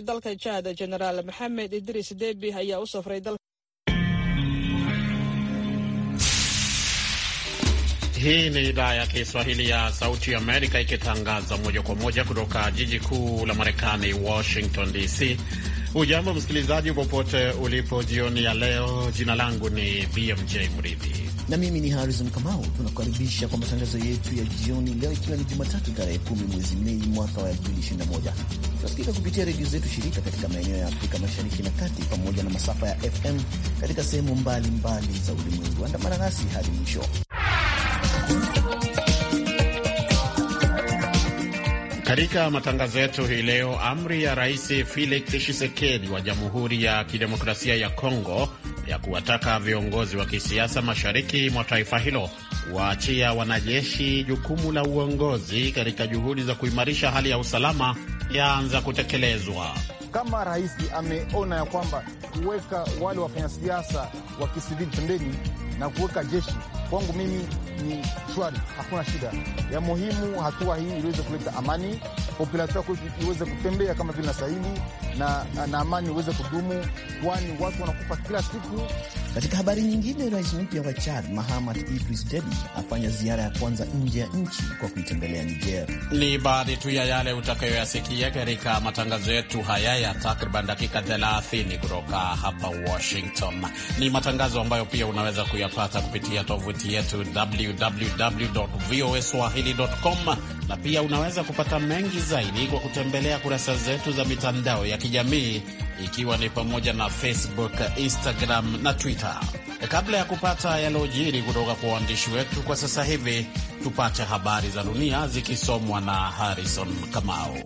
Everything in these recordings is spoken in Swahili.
dalka Chad General Maxamed Idris Debi ayaa u safray dalka. Hii ni idhaa ya Kiswahili ya Sauti ya Amerika ikitangaza moja kwa moja kutoka jiji kuu la Marekani, Washington DC. Hujambo msikilizaji, popote ulipo jioni ya leo. Jina langu ni BMJ Mridhi na mimi ni Harrison Kamau. Tunakukaribisha kwa matangazo yetu ya jioni leo, ikiwa ni Jumatatu tarehe kumi mwezi Mei mwaka wa 2021. Tunasikika kupitia redio zetu shirika katika maeneo ya Afrika mashariki na kati pamoja na masafa ya FM katika sehemu mbalimbali za ulimwengu. Andamana nasi hadi mwisho Katika matangazo yetu hii leo, amri ya Rais Felix Tshisekedi wa Jamhuri ya Kidemokrasia ya Kongo ya kuwataka viongozi wa kisiasa mashariki mwa taifa hilo kuwaachia wanajeshi jukumu la uongozi katika juhudi za kuimarisha hali ya usalama yaanza kutekelezwa. Kama rais ameona ya kwamba kuweka wale wafanyasiasa wa kisivili pembeni na kuweka jeshi kwangu mimi ni shwari, hakuna shida. Ya muhimu hatua hii iliweze kuleta amani, populasion iweze kutembea kama vile nastahili na, na amani uweze kudumu, kwani watu wanakufa kila siku. Katika habari nyingine, rais mpya wa Chad Mahamad Idris Deby afanya ziara ya kwanza nje ya nchi kwa kuitembelea Niger. Ni baadhi tu ya yale utakayoyasikia katika matangazo yetu haya ya takriban dakika 30 kutoka hapa Washington. Ni matangazo ambayo pia unaweza kuyapata kupitia tovuti yetu www voa com na pia unaweza kupata mengi zaidi kwa kutembelea kurasa zetu za mitandao ya kijamii ikiwa ni pamoja na Facebook, Instagram na Twitter. E, kabla ya kupata yaliojiri kutoka kwa waandishi wetu, kwa sasa hivi tupate habari za dunia zikisomwa na Harrison Kamau.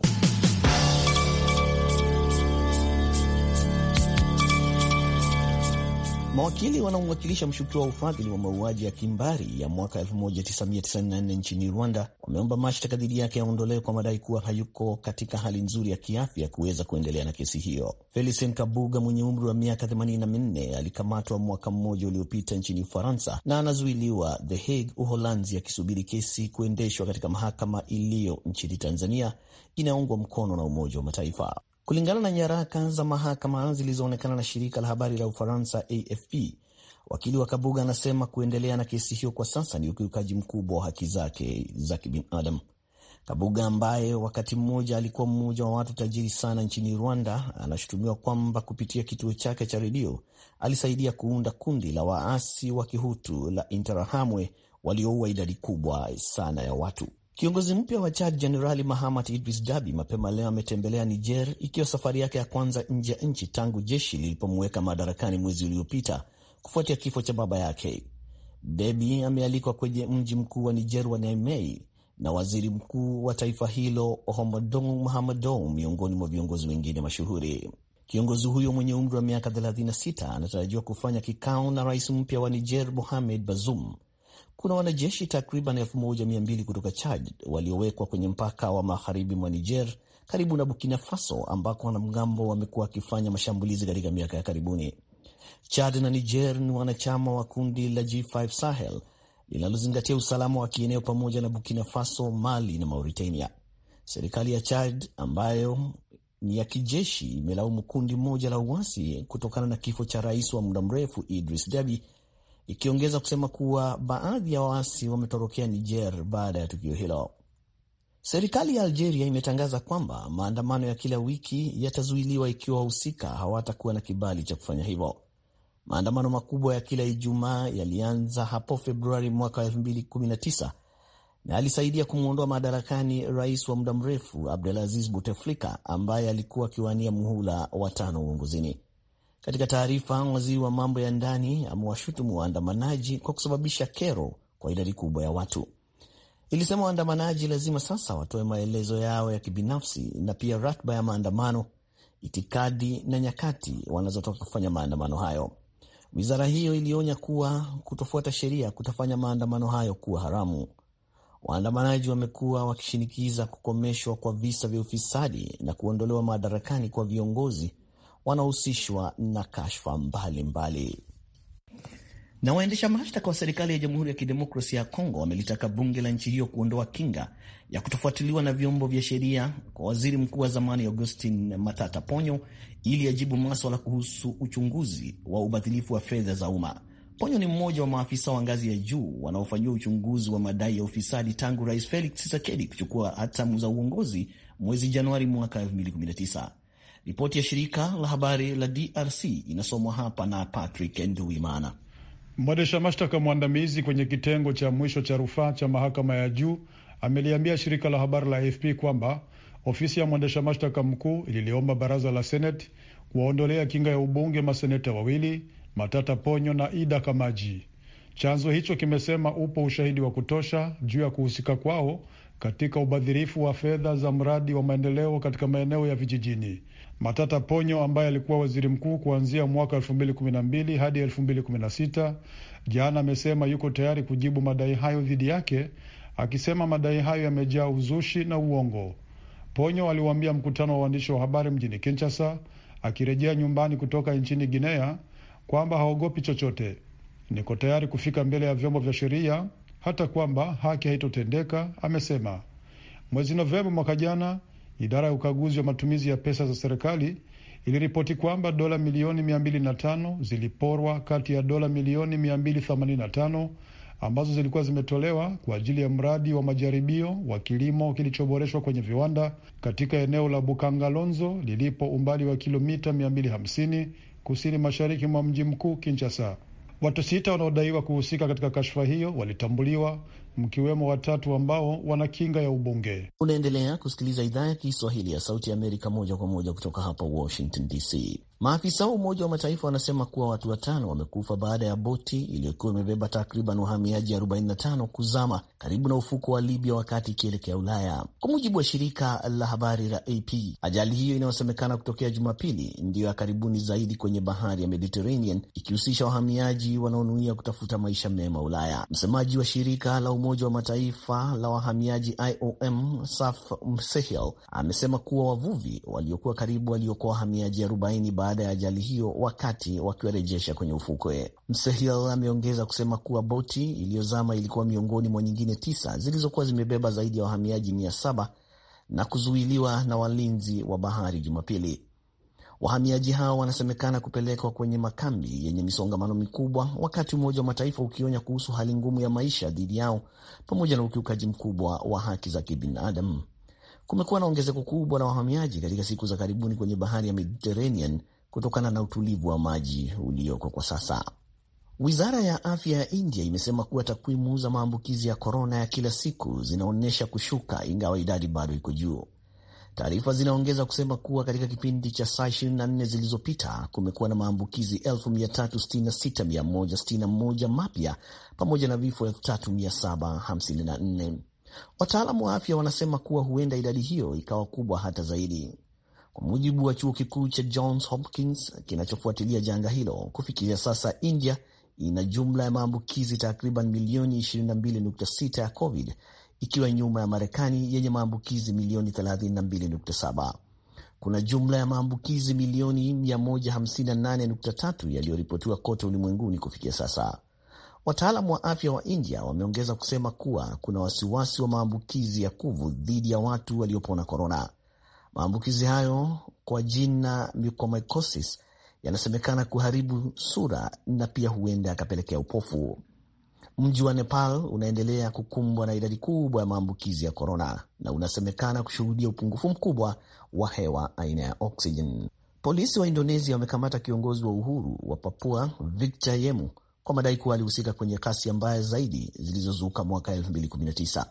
Mawakili wanaomwakilisha mshukiwa wa ufadhili wa mauaji ya kimbari ya mwaka 1994 nchini Rwanda wameomba mashtaka dhidi yake yaondolewe kwa madai kuwa hayuko katika hali nzuri ya kiafya kuweza kuendelea na kesi hiyo. Felicien Kabuga mwenye umri wa miaka 84 alikamatwa mwaka mmoja uliopita nchini Ufaransa na anazuiliwa The Hague, Uholanzi, akisubiri kesi kuendeshwa katika mahakama iliyo nchini Tanzania inayoungwa mkono na Umoja wa Mataifa kulingana na nyaraka za mahakama zilizoonekana na shirika la habari la Ufaransa AFP. Wakili wa Kabuga anasema kuendelea na kesi hiyo kwa sasa ni ukiukaji mkubwa wa haki zake za kibinadamu. Kabuga ambaye wakati mmoja alikuwa mmoja wa watu tajiri sana nchini Rwanda anashutumiwa kwamba kupitia kituo chake cha redio alisaidia kuunda kundi la waasi wa Kihutu la Interahamwe walioua idadi kubwa sana ya watu. Kiongozi mpya wa Chad Jenerali Mahamat Idris Dabi mapema leo ametembelea Niger, ikiwa safari yake ya kwanza nje ya nchi tangu jeshi lilipomweka madarakani mwezi uliopita kufuatia kifo cha baba yake. Debi amealikwa kwenye mji mkuu wa Niger wa Niamey na waziri mkuu wa taifa hilo Ahmadou Mahamadou miongoni mwa viongozi wengine mashuhuri. Kiongozi huyo mwenye umri wa miaka 36 anatarajiwa kufanya kikao na rais mpya wa Niger Mohamed Bazoum kuna wanajeshi takriban 1200 kutoka Chad waliowekwa kwenye mpaka wa magharibi mwa Niger karibu na Burkina Faso ambako wanamgambo wamekuwa wakifanya mashambulizi katika miaka ya karibuni. Chad na Niger ni wanachama wa kundi la G5 Sahel linalozingatia usalama wa kieneo pamoja na Burkina Faso, Mali na Mauritania. Serikali ya Chad ambayo ni ya kijeshi imelaumu kundi moja la uasi kutokana na kifo cha rais wa muda mrefu Idris Deby ikiongeza kusema kuwa baadhi ya waasi wametorokea Niger baada ya tukio hilo. Serikali ya Algeria imetangaza kwamba maandamano ya kila wiki yatazuiliwa ikiwa wahusika hawatakuwa na kibali cha kufanya hivyo. Maandamano makubwa ya kila Ijumaa yalianza hapo Februari mwaka 2019 na alisaidia kumwondoa madarakani rais wa muda mrefu Abdulaziz Buteflika ambaye alikuwa akiwania muhula wa tano uongozini. Katika taarifa, waziri wa mambo ya ndani amewashutumu waandamanaji kwa kusababisha kero kwa idadi kubwa ya watu. Ilisema waandamanaji lazima sasa watoe maelezo yao ya kibinafsi na pia ratiba ya maandamano, itikadi na nyakati wanazotoka kufanya maandamano hayo. Wizara hiyo ilionya kuwa kutofuata sheria kutafanya maandamano hayo kuwa haramu. Waandamanaji wamekuwa wakishinikiza kukomeshwa kwa visa vya ufisadi na kuondolewa madarakani kwa viongozi wanahusishwa na kashfa mbalimbali. Na waendesha mashtaka wa serikali ya Jamhuri ya Kidemokrasia ya Kongo wamelitaka bunge la nchi hiyo kuondoa kinga ya kutofuatiliwa na vyombo vya sheria kwa waziri mkuu wa zamani Augustin Matata Ponyo ili ajibu maswala kuhusu uchunguzi wa ubadhilifu wa fedha za umma. Ponyo ni mmoja wa maafisa wa ngazi ya juu wanaofanyiwa uchunguzi wa madai ya ufisadi tangu Rais Felix Tshisekedi kuchukua hatamu za uongozi mwezi Januari mwaka Ripoti ya shirika la habari la DRC inasomwa hapa na Patrick Nduwimana. Mwendesha mashtaka mwandamizi kwenye kitengo cha mwisho cha rufaa cha mahakama ya juu ameliambia shirika la habari la AFP kwamba ofisi ya mwendesha mashtaka mkuu ililiomba baraza la seneti kuwaondolea kinga ya ubunge maseneta wawili Matata Ponyo na Ida Kamaji. Chanzo hicho kimesema upo ushahidi wa kutosha juu ya kuhusika kwao katika ubadhirifu wa fedha za mradi wa maendeleo katika maeneo ya vijijini. Matata Ponyo ambaye alikuwa waziri mkuu kuanzia mwaka 2012 hadi 2016, jana amesema yuko tayari kujibu madai hayo dhidi yake, akisema madai hayo yamejaa uzushi na uongo. Ponyo aliwaambia mkutano wa waandishi wa habari mjini Kinshasa akirejea nyumbani kutoka nchini Guinea kwamba haogopi chochote, niko tayari kufika mbele ya vyombo vya sheria, hata kwamba haki haitotendeka, amesema. Mwezi Novemba mwaka jana Idara ya ukaguzi wa matumizi ya pesa za serikali iliripoti kwamba dola milioni 205 ziliporwa kati ya dola milioni 285 ambazo zilikuwa zimetolewa kwa ajili ya mradi wa majaribio wa kilimo kilichoboreshwa kwenye viwanda katika eneo la Bukangalonzo lilipo umbali wa kilomita 250 kusini mashariki mwa mji mkuu Kinshasa. Watu sita wanaodaiwa kuhusika katika kashfa hiyo walitambuliwa mkiwemo watatu ambao wana kinga ya ubunge. Unaendelea kusikiliza idhaa ya Kiswahili ya Sauti ya Amerika moja kwa moja kutoka hapa Washington DC. Maafisa wa Umoja wa Mataifa wanasema kuwa watu watano wamekufa baada ya boti iliyokuwa imebeba takriban wahamiaji 45 kuzama karibu na ufuko wa Libya wakati ikielekea Ulaya, kwa mujibu wa shirika la habari la AP. Ajali hiyo inayosemekana kutokea Jumapili ndiyo ya karibuni zaidi kwenye bahari ya Mediterranean, ikihusisha wahamiaji wanaonuia kutafuta maisha mema Ulaya. Msemaji wa shirika la Umoja wa Mataifa la wahamiaji IOM Saf Msehel amesema kuwa wavuvi waliokuwa karibu waliokoa wahamiaji 40 baada ya ajali hiyo wakati wakiwarejesha kwenye ufukwe. Msehel ameongeza kusema kuwa boti iliyozama ilikuwa miongoni mwa nyingine tisa zilizokuwa zimebeba zaidi ya wahamiaji 700 na kuzuiliwa na walinzi wa bahari Jumapili. Wahamiaji hao wanasemekana kupelekwa kwenye makambi yenye misongamano mikubwa, wakati Umoja wa Mataifa ukionya kuhusu hali ngumu ya maisha dhidi yao pamoja na ukiukaji mkubwa wa haki za kibinadamu. Kumekuwa na ongezeko kubwa la wahamiaji katika siku za karibuni kwenye bahari ya Mediterranean kutokana na utulivu wa maji ulioko kwa sasa. Wizara ya afya ya India imesema kuwa takwimu za maambukizi ya korona ya kila siku zinaonyesha kushuka, ingawa idadi bado iko juu. Taarifa zinaongeza kusema kuwa katika kipindi cha saa 24 zilizopita kumekuwa na maambukizi 366161 mapya pamoja na vifo 3754. Wataalamu wa afya wanasema kuwa huenda idadi hiyo ikawa kubwa hata zaidi. Kwa mujibu wa chuo kikuu cha Johns Hopkins kinachofuatilia janga hilo, kufikia sasa India ina jumla ya maambukizi takriban milioni 22.6 ya COVID ikiwa nyuma ya Marekani yenye maambukizi milioni 32.7. Kuna jumla ya maambukizi milioni 158.3 yaliyoripotiwa kote ulimwenguni kufikia sasa. Wataalam wa afya wa India wameongeza kusema kuwa kuna wasiwasi wa maambukizi ya kuvu dhidi ya watu waliopona korona. Maambukizi hayo kwa jina mucormycosis yanasemekana kuharibu sura na pia huenda yakapelekea upofu. Mji wa Nepal unaendelea kukumbwa na idadi kubwa ya maambukizi ya korona na unasemekana kushuhudia upungufu mkubwa wa hewa aina ya oksijeni. Polisi wa Indonesia wamekamata kiongozi wa uhuru wa Papua Victor Yemu kwa madai kuwa alihusika kwenye kasi mbaya zaidi zilizozuka mwaka 2019.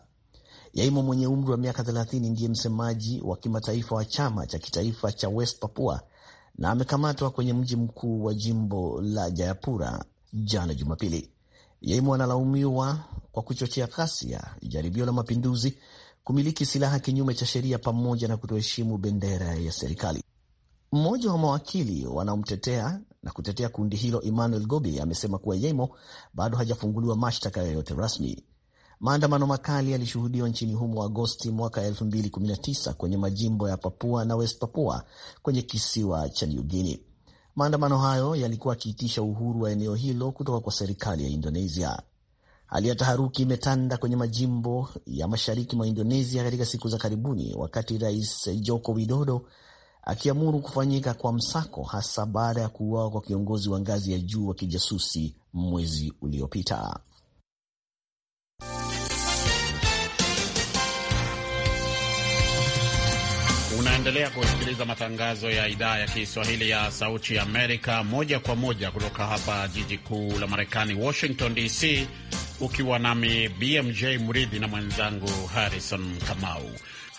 Yaimo mwenye umri wa miaka 30 ndiye msemaji wa kimataifa wa chama cha kitaifa cha West Papua na amekamatwa kwenye mji mkuu wa jimbo la Jayapura jana Jumapili. Yeimo analaumiwa kwa kuchochea ghasia, jaribio la mapinduzi, kumiliki silaha kinyume cha sheria, pamoja na kutoheshimu bendera ya serikali. Mmoja wa mawakili wanaomtetea na kutetea kundi hilo, Emmanuel Gobi, amesema kuwa Yeimo bado hajafunguliwa mashtaka yoyote rasmi. Maandamano makali yalishuhudiwa nchini humo Agosti mwaka 2019 kwenye majimbo ya Papua na West Papua kwenye kisiwa cha New Guinea. Maandamano hayo yalikuwa akiitisha uhuru wa eneo hilo kutoka kwa serikali ya Indonesia. Hali ya taharuki imetanda kwenye majimbo ya mashariki mwa Indonesia katika siku za karibuni, wakati Rais Joko Widodo akiamuru kufanyika kwa msako, hasa baada ya kuuawa kwa kiongozi wa ngazi ya juu wa kijasusi mwezi uliopita. Unaendelea kusikiliza matangazo ya idhaa ya Kiswahili ya Sauti ya Amerika moja kwa moja kutoka hapa jiji kuu la Marekani, Washington DC, ukiwa nami BMJ Mridhi na mwenzangu Harrison Kamau.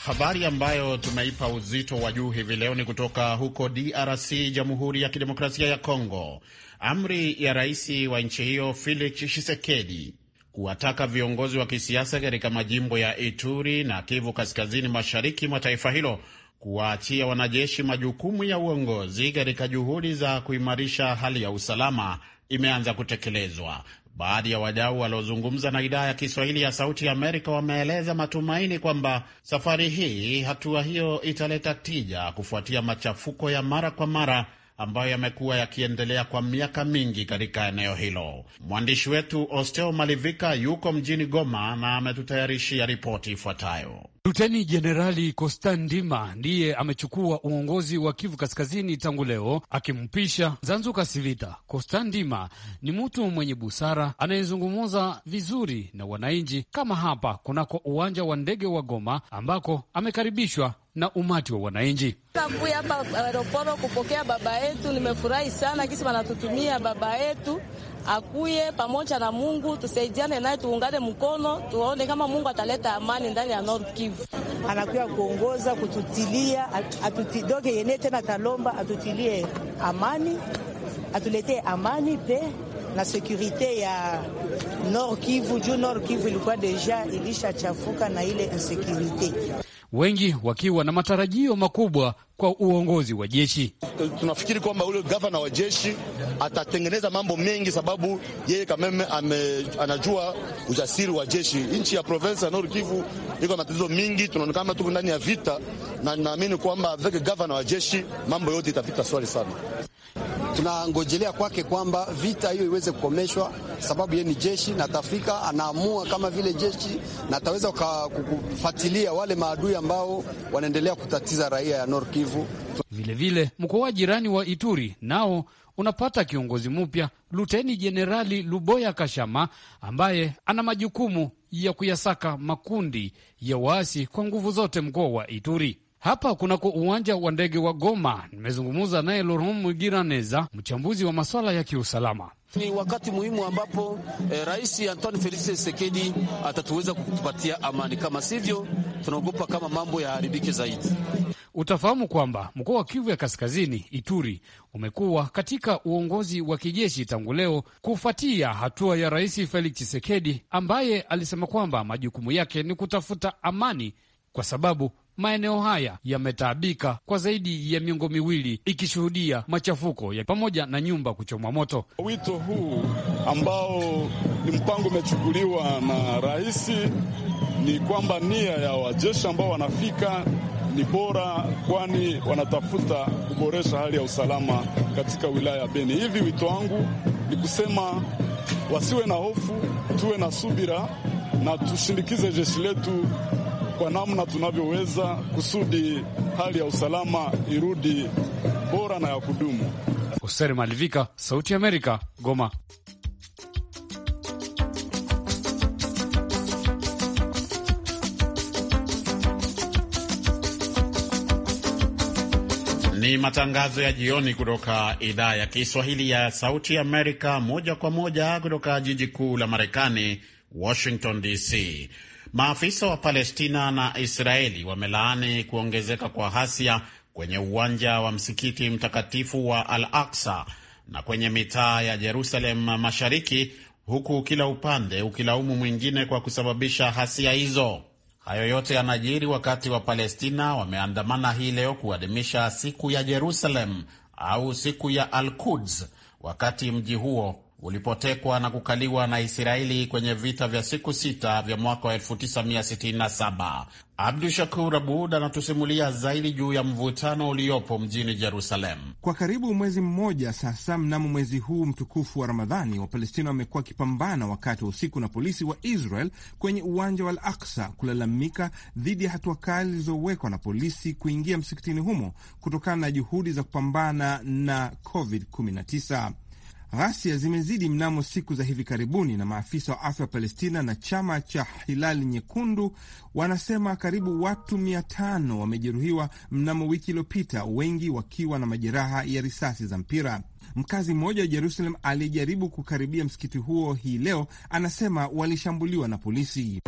Habari ambayo tumeipa uzito wa juu hivi leo ni kutoka huko DRC, Jamhuri ya Kidemokrasia ya Kongo. Amri ya rais wa nchi hiyo Felix Tshisekedi kuwataka viongozi wa kisiasa katika majimbo ya Ituri na Kivu Kaskazini mashariki mwa taifa hilo kuwaachia wanajeshi majukumu ya uongozi katika juhudi za kuimarisha hali ya usalama imeanza kutekelezwa. Baadhi ya wadau waliozungumza na idhaa ya Kiswahili ya Sauti ya Amerika wameeleza matumaini kwamba safari hii hatua hiyo italeta tija kufuatia machafuko ya mara kwa mara ambayo yamekuwa yakiendelea kwa miaka mingi katika eneo hilo. Mwandishi wetu Osteo Malivika yuko mjini Goma na ametutayarishia ripoti ifuatayo. Luteni Jenerali Kostan Ndima ndiye amechukua uongozi wa Kivu Kaskazini tangu leo akimpisha Zanzuka Sivita. Kostan Dima ni mtu mwenye busara anayezungumza vizuri na wananchi, kama hapa kunako uwanja wa ndege wa Goma ambako amekaribishwa na umati wa wananchi. Nakuya hapa aeroporo kupokea baba yetu, nimefurahi sana kisi wanatutumia baba yetu akuye pamoja na Mungu, tusaidiane naye, tuungane mkono, tuone kama Mungu ataleta amani ndani ya nord Kivu. Anakuya kuongoza kututilia at, yenee yene tena talomba atutilie amani, atuletee amani pe na sekurite ya Nord Kivu juu Nord Kivu ilikuwa deja ilishachafuka na ile insekurite wengi wakiwa na matarajio makubwa kwa uongozi wa jeshi. Tunafikiri kwamba ule gavana wa jeshi atatengeneza mambo mengi, sababu yeye Kameme ame, anajua ujasiri wa jeshi. Nchi ya provensi ya Nord Kivu iko na matatizo mingi, tunaonekana tuko ndani ya vita, na inaamini kwamba avec gavana wa jeshi mambo yote itapita swali sana. Tunangojelea kwake kwamba vita hiyo iweze kukomeshwa sababu yeye ni jeshi na tafika anaamua kama vile jeshi na ataweza kufuatilia wale maadui ambao wanaendelea kutatiza raia ya Nord Kivu. Vilevile mkoa jirani wa Ituri nao unapata kiongozi mpya Luteni Jenerali Luboya Kashama ambaye ana majukumu ya kuyasaka makundi ya waasi kwa nguvu zote mkoa wa Ituri hapa kunako uwanja wa ndege wa Goma. Nimezungumza naye Laurent Mugiraneza, mchambuzi wa maswala ya kiusalama. Ni wakati muhimu ambapo eh, Rais Antoine Felix Tshisekedi atatuweza kutupatia amani, kama sivyo tunaogopa kama mambo yaharibike zaidi. Utafahamu kwamba mkoa wa Kivu ya Kaskazini, Ituri, umekuwa katika uongozi wa kijeshi tangu leo kufuatia hatua ya Rais Felix Tshisekedi ambaye alisema kwamba majukumu yake ni kutafuta amani kwa sababu Maeneo haya yametaabika kwa zaidi ya miongo miwili ikishuhudia machafuko ya pamoja na nyumba kuchomwa moto. Wito huu ambao ni mpango umechukuliwa na rais ni kwamba nia ya wajeshi ambao wanafika ni bora, kwani wanatafuta kuboresha hali ya usalama katika wilaya ya Beni. Hivi wito wangu ni kusema wasiwe na hofu, tuwe na subira na tushindikize jeshi letu kwa namna tunavyoweza kusudi hali ya usalama irudi bora na ya kudumu. Hoser Malivika, Sauti ya Amerika, Goma. Ni matangazo ya jioni kutoka idhaa ya Kiswahili ya Sauti Amerika, moja kwa moja kutoka jiji kuu la Marekani, Washington DC. Maafisa wa Palestina na Israeli wamelaani kuongezeka kwa hasia kwenye uwanja wa msikiti mtakatifu wa Al Aksa na kwenye mitaa ya Jerusalem Mashariki, huku kila upande ukilaumu mwingine kwa kusababisha hasia hizo. Hayo yote yanajiri wakati wa Palestina wameandamana hii leo kuadhimisha siku ya Jerusalem au siku ya Al Quds, wakati mji huo ulipotekwa na kukaliwa na Israeli kwenye vita vya siku sita vya mwaka wa 1967. Abdu Shakur Abud anatusimulia zaidi juu ya mvutano uliopo mjini Jerusalem. Kwa karibu mwezi mmoja sasa, mnamo mwezi huu mtukufu wa Ramadhani, Wapalestina wamekuwa wakipambana wakati wa usiku na polisi wa Israel kwenye uwanja wa Al Aksa kulalamika dhidi ya hatua kali zilizowekwa na polisi kuingia msikitini humo kutokana na juhudi za kupambana na COVID-19. Ghasia zimezidi mnamo siku za hivi karibuni, na maafisa wa afya wa Palestina na chama cha Hilali Nyekundu wanasema karibu watu mia tano wamejeruhiwa mnamo wiki iliyopita, wengi wakiwa na majeraha ya risasi za mpira. Mkazi mmoja wa Jerusalem aliyejaribu kukaribia msikiti huo hii leo anasema walishambuliwa na polisi.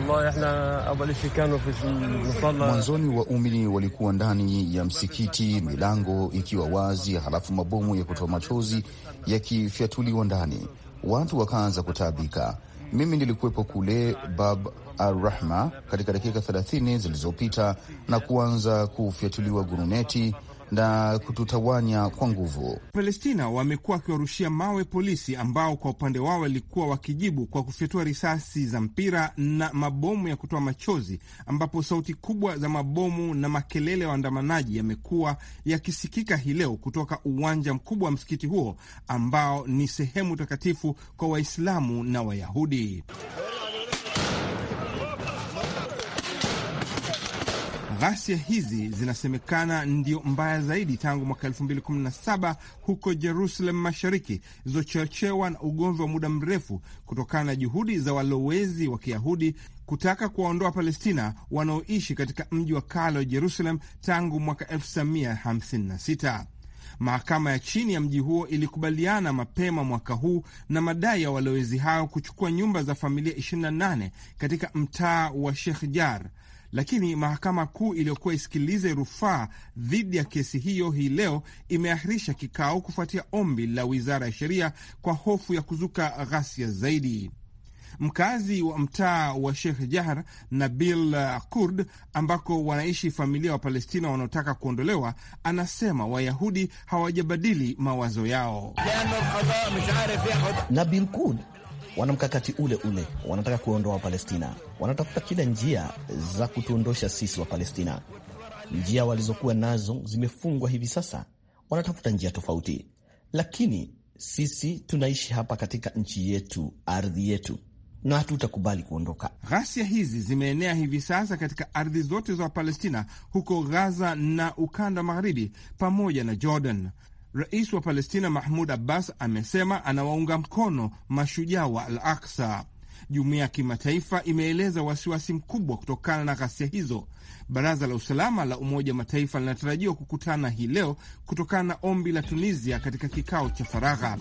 Mwanzoni waumini walikuwa ndani ya msikiti, milango ikiwa wazi, halafu mabomu ya kutoa machozi yakifyatuliwa ndani, watu wakaanza kutaabika. Mimi nilikuwepo kule Bab Arrahma katika dakika 30 zilizopita na kuanza kufyatuliwa guruneti na kututawanya kwa nguvu. Palestina wamekuwa wakiwarushia mawe polisi ambao kwa upande wao walikuwa wakijibu kwa kufyatua risasi za mpira na mabomu ya kutoa machozi, ambapo sauti kubwa za mabomu na makelele ya waandamanaji yamekuwa yakisikika hii leo kutoka uwanja mkubwa wa msikiti huo ambao ni sehemu takatifu kwa Waislamu na Wayahudi. Ghasia hizi zinasemekana ndio mbaya zaidi tangu mwaka 2017 huko Jerusalem Mashariki, zilizochochewa na ugomvi wa muda mrefu kutokana na juhudi za walowezi wa Kiyahudi kutaka kuwaondoa Palestina wanaoishi katika mji wa kale wa Jerusalem tangu mwaka 1956. Mahakama ya chini ya mji huo ilikubaliana mapema mwaka huu na madai ya walowezi hao kuchukua nyumba za familia 28 katika mtaa wa Sheikh Jar lakini mahakama kuu iliyokuwa isikilize rufaa dhidi ya kesi hiyo hii leo imeahirisha kikao kufuatia ombi la wizara ya sheria kwa hofu ya kuzuka ghasia zaidi. Mkazi wa mtaa wa Sheikh Jahar Nabil Kurd, ambako wanaishi familia wa Palestina wanaotaka kuondolewa, anasema Wayahudi hawajabadili mawazo yao. Nabil Kurd wana mkakati ule ule, wanataka kuondoa Wapalestina, wanatafuta kila njia za kutuondosha sisi Wapalestina. Njia walizokuwa nazo zimefungwa hivi sasa, wanatafuta njia tofauti, lakini sisi tunaishi hapa katika nchi yetu, ardhi yetu na hatutakubali kuondoka. Ghasia hizi zimeenea hivi sasa katika ardhi zote za wapalestina huko Gaza na ukanda magharibi pamoja na Jordan. Rais wa Palestina Mahmud Abbas amesema anawaunga mkono mashujaa wa Al Aksa. Jumuiya ya kimataifa imeeleza wasiwasi mkubwa kutokana na ghasia hizo. Baraza la usalama la Umoja wa Mataifa linatarajiwa kukutana hii leo kutokana na ombi la Tunisia katika kikao cha faragha.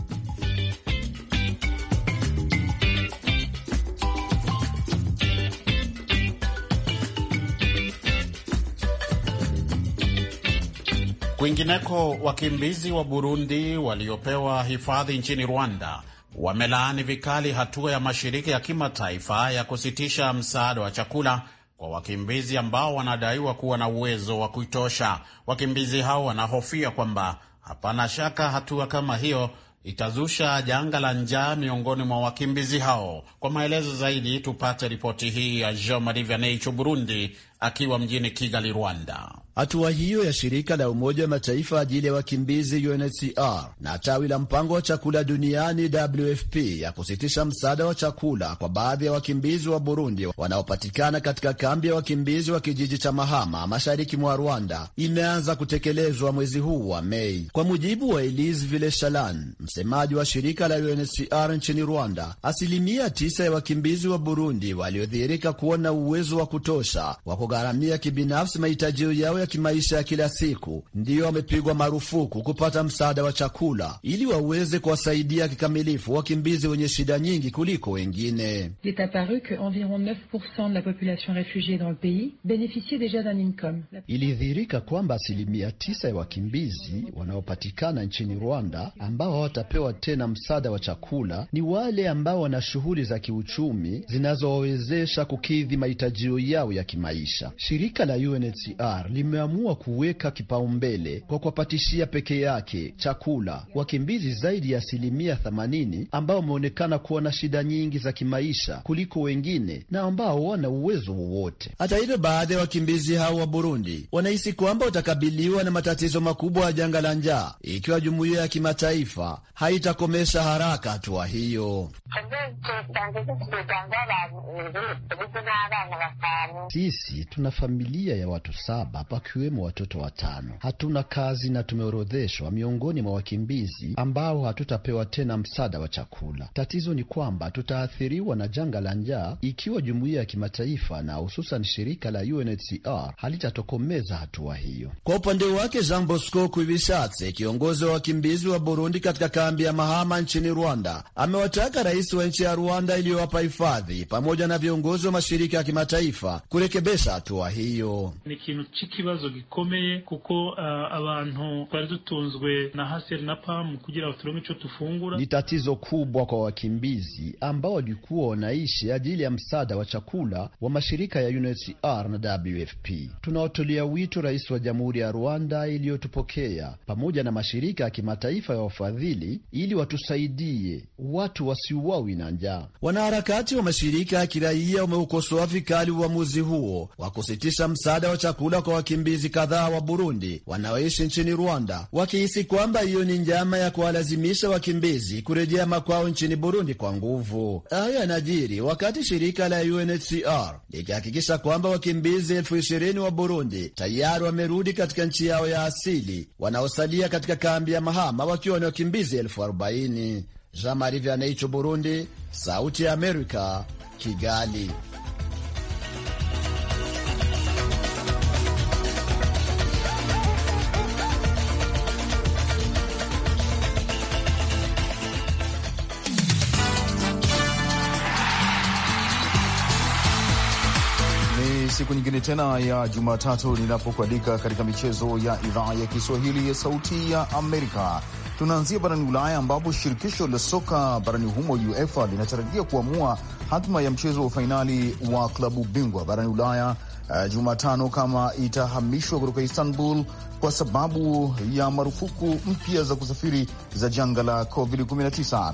Kwingineko, wakimbizi wa Burundi waliopewa hifadhi nchini Rwanda wamelaani vikali hatua ya mashirika ya kimataifa ya kusitisha msaada wa chakula kwa wakimbizi ambao wanadaiwa kuwa na uwezo wa kuitosha. Wakimbizi hao wanahofia kwamba hapana shaka hatua kama hiyo itazusha janga la njaa miongoni mwa wakimbizi hao. Kwa maelezo zaidi, tupate ripoti hii ya Jean Marie Vianney Burundi, akiwa mjini Kigali, Rwanda. Hatua hiyo ya shirika la Umoja wa Mataifa ajili ya wakimbizi UNHCR na tawi la mpango wa chakula duniani WFP ya kusitisha msaada wa chakula kwa baadhi ya wakimbizi wa Burundi wanaopatikana katika kambi ya wakimbizi wa kijiji cha Mahama mashariki mwa Rwanda imeanza kutekelezwa mwezi huu wa Mei, kwa mujibu wa Elise Shalan, msemaji wa shirika la UNHCR nchini Rwanda. Asilimia tisa ya wakimbizi wa Burundi waliodhihirika kuwa na uwezo wa kutosha wa kugharamia kibinafsi mahitaji yao ya kimaisha ya kila siku, ndiyo wamepigwa marufuku kupata msaada wa chakula ili waweze kuwasaidia kikamilifu wakimbizi wenye shida nyingi kuliko wengine. Ilidhihirika kwamba asilimia tisa ya wakimbizi wanaopatikana nchini Rwanda ambao hawatapewa tena msaada wa chakula ni wale ambao wana shughuli za kiuchumi zinazowawezesha kukidhi mahitajio yao ya kimaisha maisha. Shirika la UNHCR limeamua kuweka kipaumbele kwa kuwapatishia peke yake chakula wakimbizi zaidi ya asilimia 80 ambao wameonekana kuwa na shida nyingi za kimaisha kuliko wengine na ambao wana uwezo wowote. Hata hivyo, baadhi ya wakimbizi hao wa Burundi wanahisi kwamba watakabiliwa na matatizo makubwa ya janga la njaa ikiwa jumuiya ya kimataifa haitakomesha haraka hatua hiyo. Sisi Tuna familia ya watu saba pakiwemo watoto watano. Hatuna kazi na tumeorodheshwa miongoni mwa wakimbizi ambao hatutapewa tena msaada wa chakula. Tatizo ni kwamba tutaathiriwa na janga la njaa ikiwa jumuiya ya kimataifa na hususan shirika la UNHCR halitatokomeza hatua hiyo. Kwa upande wake, Jean Bosco Kuibishatse, kiongozi wa wakimbizi wa Burundi katika kambi ya Mahama nchini Rwanda, amewataka rais wa nchi ya Rwanda iliyowapa hifadhi pamoja na viongozi wa mashirika ya kimataifa kurekebesha hatua hiyo ni kintu c'ikibazo gikomeye kuko uh, abantu twari dutunzwe na haseri na pamu kugira ngo turonke tufungura. Ni tatizo kubwa kwa wakimbizi ambao walikuwa wanaishi ajili ya msaada wa chakula wa mashirika ya UNHCR na WFP. Tunaotolea wito rais wa Jamhuri ya Rwanda iliyotupokea pamoja na mashirika ya kimataifa ya wafadhili ili watusaidie watu wasiuawi na njaa. Wanaharakati wa mashirika ya kiraia wameukosoa vikali uamuzi huo wa kusitisha msaada wa chakula kwa wakimbizi kadhaa wa Burundi wanaoishi nchini Rwanda, wakihisi kwamba hiyo ni njama ya kuwalazimisha wakimbizi kurejea makwao nchini Burundi kwa nguvu. Hayo yanajiri wakati shirika la UNHCR likihakikisha kwamba wakimbizi elfu ishirini wa Burundi tayari wamerudi katika nchi yao ya asili, wanaosalia katika kambi ya Mahama wakiwa ni wakimbizi elfu arobaini. Jean Marie Vianney, Burundi, Sauti ya Amerika, Kigali. siku nyingine tena ya Jumatatu ninapokualika katika michezo ya idhaa ya Kiswahili ya Sauti ya Amerika. Tunaanzia barani Ulaya ambapo shirikisho la soka barani humo UEFA linatarajia kuamua hatima ya mchezo wa fainali wa klabu bingwa barani Ulaya uh, Jumatano kama itahamishwa kutoka Istanbul kwa sababu ya marufuku mpya za kusafiri za janga la COVID-19.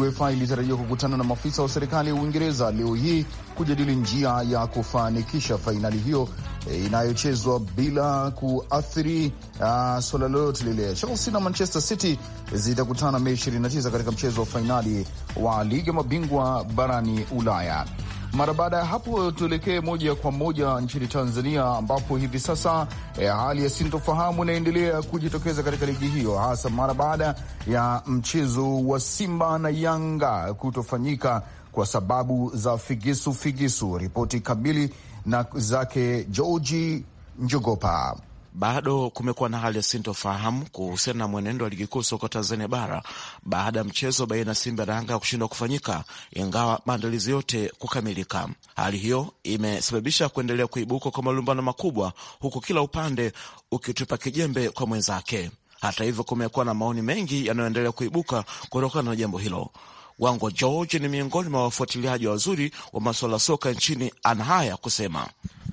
UEFA ilitarajiwa kukutana na maafisa wa serikali ya Uingereza leo hii kujadili njia ya kufanikisha fainali hiyo eh, inayochezwa bila kuathiri suala ah, swala lolote lile. Chelsea na Manchester City zitakutana Mei 29 katika mchezo wa fainali wa ligi ya mabingwa barani Ulaya. Mara baada ya hapo, tuelekee moja kwa moja nchini Tanzania ambapo hivi sasa eh, hali ya sintofahamu inaendelea kujitokeza katika ligi hiyo, hasa mara baada ya mchezo wa Simba na Yanga kutofanyika kwa sababu za figisu figisu. Ripoti kamili na zake Georgi Njogopa. Bado kumekuwa na hali ya sintofahamu kuhusiana na mwenendo wa ligi kuu soka Tanzania bara baada ya mchezo baina ya Simba na Yanga kushindwa kufanyika ingawa maandalizi yote kukamilika. Hali hiyo imesababisha kuendelea kuibuka kwa malumbano makubwa, huku kila upande ukitupa kijembe kwa mwenzake. Hata hivyo, kumekuwa na maoni mengi yanayoendelea kuibuka kutokana na jambo hilo wango George ni miongoni mwa wafuatiliaji wazuri wa masuala soka nchini. Ana haya kusema: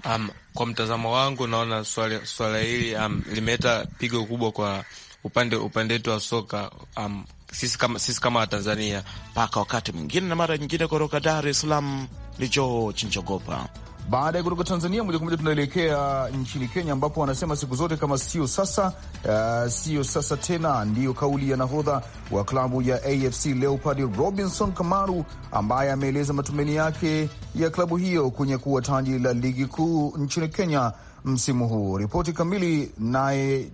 um, kwa mtazamo wangu naona swala, swala hili um, limeleta pigo kubwa kwa upande upande wetu wa soka um, sisi kama, sisi kama Watanzania. Mpaka wakati mwingine na mara nyingine, kutoka Dar es Salaam ni George Njogopa. Baada ya kutoka Tanzania moja kwa moja tunaelekea nchini Kenya, ambapo wanasema siku zote kama sio sasa, uh, sio sasa tena, ndiyo kauli ya nahodha wa klabu ya AFC Leopard Robinson Kamaru, ambaye ameeleza matumaini yake ya klabu hiyo kwenye kuwa taji la ligi kuu nchini Kenya msimu huu. Ripoti kamili naye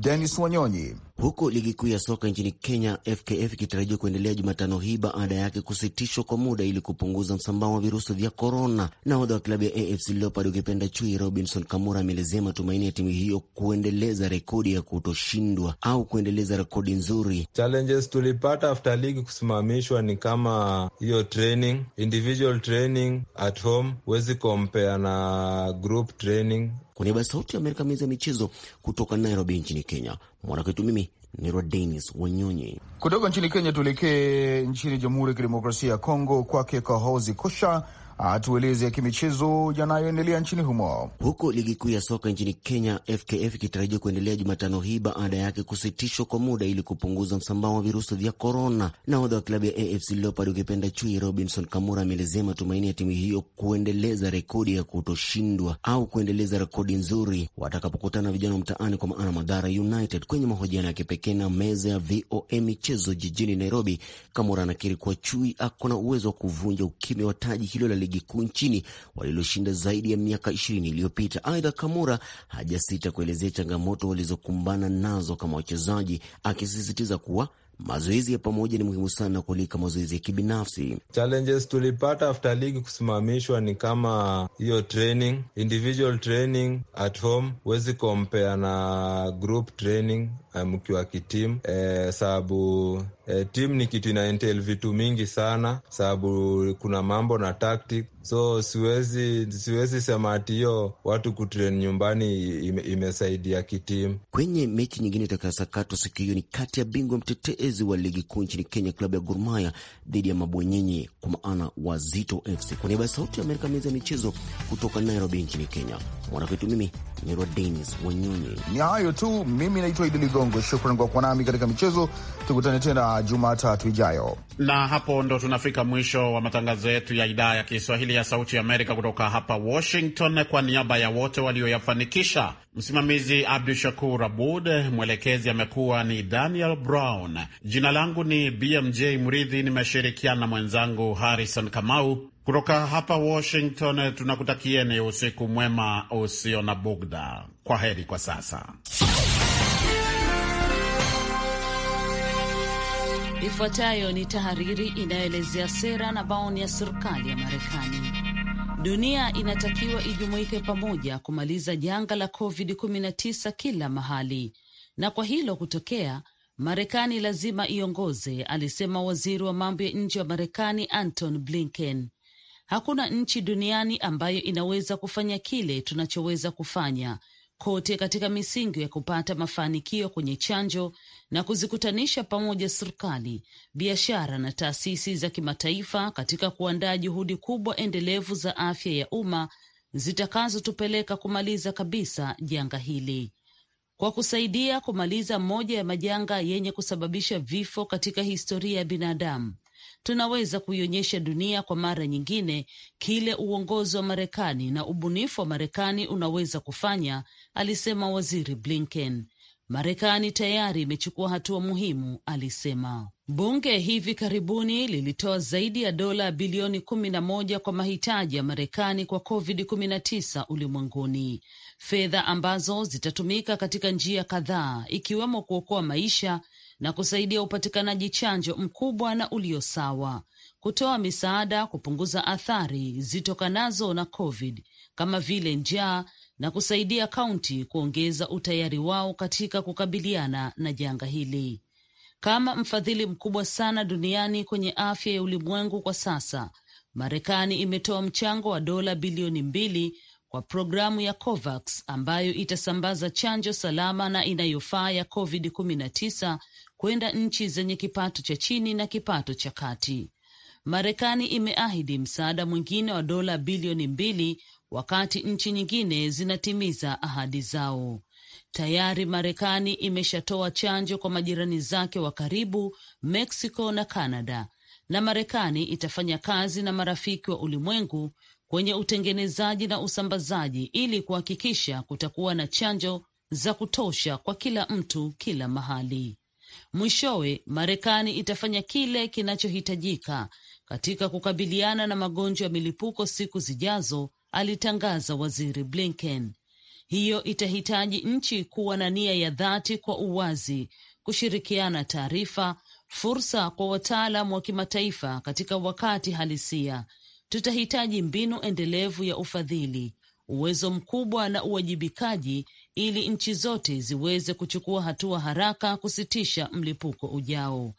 Denis Wanyonyi. Huku ligi kuu ya soka nchini Kenya FKF ikitarajiwa kuendelea Jumatano hii baada yake kusitishwa kwa muda ili kupunguza msambao wa virusi vya korona. Nahodha wa klabu ya AFC Leopards ukipenda chui Robinson Kamura ameelezea matumaini ya timu hiyo kuendeleza rekodi ya kutoshindwa au kuendeleza rekodi nzuri. Challenges tulipata after ligi kusimamishwa ni kama hiyo training, individual training at home huwezi kompea na group training kwa niaba ya Sauti ya Amerika, mezi ya michezo kutoka Nairobi nchini Kenya, mwanakwetu mimi Nero Denis Wanyonyi. Kutoka nchini Kenya tuelekee nchini Jamhuri ya Kidemokrasia ya Kongo, kwake Kahozi Kosha atueleze kimichezo yanayoendelea nchini humo, huku ligi kuu ya soka nchini Kenya FKF ikitarajia kuendelea Jumatano hii baada yake kusitishwa kwa muda ili kupunguza msambao wa virusi vya korona. Nahodha wa klabu ya AFC Leopards ukipenda chui Robinson Kamura ameelezea matumaini ya timu hiyo kuendeleza rekodi ya kutoshindwa au kuendeleza rekodi nzuri watakapokutana vijana wa mtaani kwa maana Madhara United. Kwenye mahojiano ya kipekee na meza ya VOA michezo jijini Nairobi, Kamura anakiri kuwa chui ako na uwezo wa kuvunja ukimya wa taji hilo la ligi kuu nchini waliloshinda zaidi ya miaka ishirini iliyopita. Aidha, Kamura hajasita kuelezea changamoto walizokumbana nazo kama wachezaji, akisisitiza kuwa mazoezi ya pamoja ni muhimu sana kulika mazoezi ya kibinafsi. Challenges tulipata after league kusimamishwa ni kama hiyo training, individual training at home huwezi compare na group training mkiwa um, kitimu, eh, sababu E, eh, timu ni kitu ina vitu mingi sana, sababu kuna mambo na tactic, so siwezi siwezi sema ati hiyo watu kutrain nyumbani imesaidia kitimu. Kwenye mechi nyingine itakayosakatwa siku hiyo ni kati ya bingwa mtetezi wa ligi kuu nchini Kenya, klabu ya Gor Mahia dhidi ya mabwenyenye kwa maana Wazito FC. Kwa niaba ya Sauti ya Amerika, meza ya michezo kutoka Nairobi nchini Kenya, mwanakwetu mimi Miro Denis Wanyonyi. Ni hayo tu. Mimi naitwa Idi Ligongo, shukran kwa kuwa nami katika michezo. Tukutane tena Jumatatu ijayo, na hapo ndo tunafika mwisho wa matangazo yetu ya idhaa ya Kiswahili ya Sauti ya Amerika kutoka hapa Washington. Kwa niaba ya wote walioyafanikisha, msimamizi Abdu Shakur Abud, mwelekezi amekuwa ni Daniel Brown, jina langu ni BMJ Mridhi, nimeshirikiana na mwenzangu Harrison Kamau. Kutoka hapa Washington tunakutakieni usiku mwema usio na bugda. Kwa heri kwa sasa. Ifuatayo ni tahariri inayoelezea sera na maoni ya serikali ya Marekani. Dunia inatakiwa ijumuike pamoja kumaliza janga la COVID-19 kila mahali, na kwa hilo kutokea, Marekani lazima iongoze, alisema waziri wa mambo ya nje wa Marekani Anton Blinken. Hakuna nchi duniani ambayo inaweza kufanya kile tunachoweza kufanya kote katika misingi ya kupata mafanikio kwenye chanjo na kuzikutanisha pamoja serikali, biashara na taasisi za kimataifa katika kuandaa juhudi kubwa endelevu za afya ya umma zitakazotupeleka kumaliza kabisa janga hili. Kwa kusaidia kumaliza moja ya majanga yenye kusababisha vifo katika historia ya binadamu, tunaweza kuionyesha dunia kwa mara nyingine kile uongozi wa Marekani na ubunifu wa Marekani unaweza kufanya, alisema Waziri Blinken. Marekani tayari imechukua hatua muhimu, alisema. Bunge hivi karibuni lilitoa zaidi ya dola bilioni kumi na moja kwa mahitaji ya Marekani kwa COVID-19 ulimwenguni, fedha ambazo zitatumika katika njia kadhaa, ikiwemo kuokoa maisha na kusaidia upatikanaji chanjo mkubwa na ulio sawa, kutoa misaada kupunguza athari zitokanazo na COVID kama vile njaa na kusaidia kaunti kuongeza utayari wao katika kukabiliana na janga hili. Kama mfadhili mkubwa sana duniani kwenye afya ya ulimwengu kwa sasa, Marekani imetoa mchango wa dola bilioni mbili kwa programu ya COVAX ambayo itasambaza chanjo salama na inayofaa ya COVID-19 kwenda nchi zenye kipato cha chini na kipato cha kati. Marekani imeahidi msaada mwingine wa dola bilioni mbili wakati nchi nyingine zinatimiza ahadi zao. Tayari Marekani imeshatoa chanjo kwa majirani zake wa karibu, Meksiko na Kanada, na Marekani itafanya kazi na marafiki wa ulimwengu kwenye utengenezaji na usambazaji ili kuhakikisha kutakuwa na chanjo za kutosha kwa kila mtu kila mahali. Mwishowe, Marekani itafanya kile kinachohitajika katika kukabiliana na magonjwa ya milipuko siku zijazo, alitangaza Waziri Blinken. Hiyo itahitaji nchi kuwa na nia ya dhati kwa uwazi, kushirikiana taarifa, fursa kwa wataalam wa kimataifa katika wakati halisia. Tutahitaji mbinu endelevu ya ufadhili, uwezo mkubwa na uwajibikaji ili nchi zote ziweze kuchukua hatua haraka kusitisha mlipuko ujao,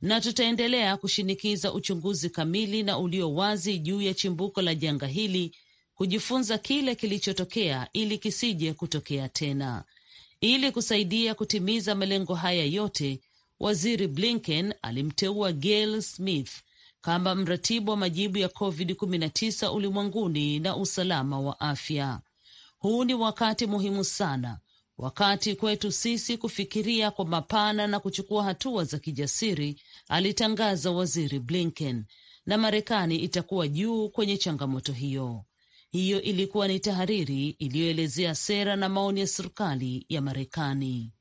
na tutaendelea kushinikiza uchunguzi kamili na ulio wazi juu ya chimbuko la janga hili, kujifunza kile kilichotokea ili kisije kutokea tena. Ili kusaidia kutimiza malengo haya yote, Waziri Blinken alimteua Gail Smith kama mratibu wa majibu ya COVID-19 ulimwenguni na usalama wa afya. Huu ni wakati muhimu sana, wakati kwetu sisi kufikiria kwa mapana na kuchukua hatua za kijasiri, alitangaza Waziri Blinken, na Marekani itakuwa juu kwenye changamoto hiyo. Hiyo ilikuwa ni tahariri iliyoelezea sera na maoni ya serikali ya Marekani.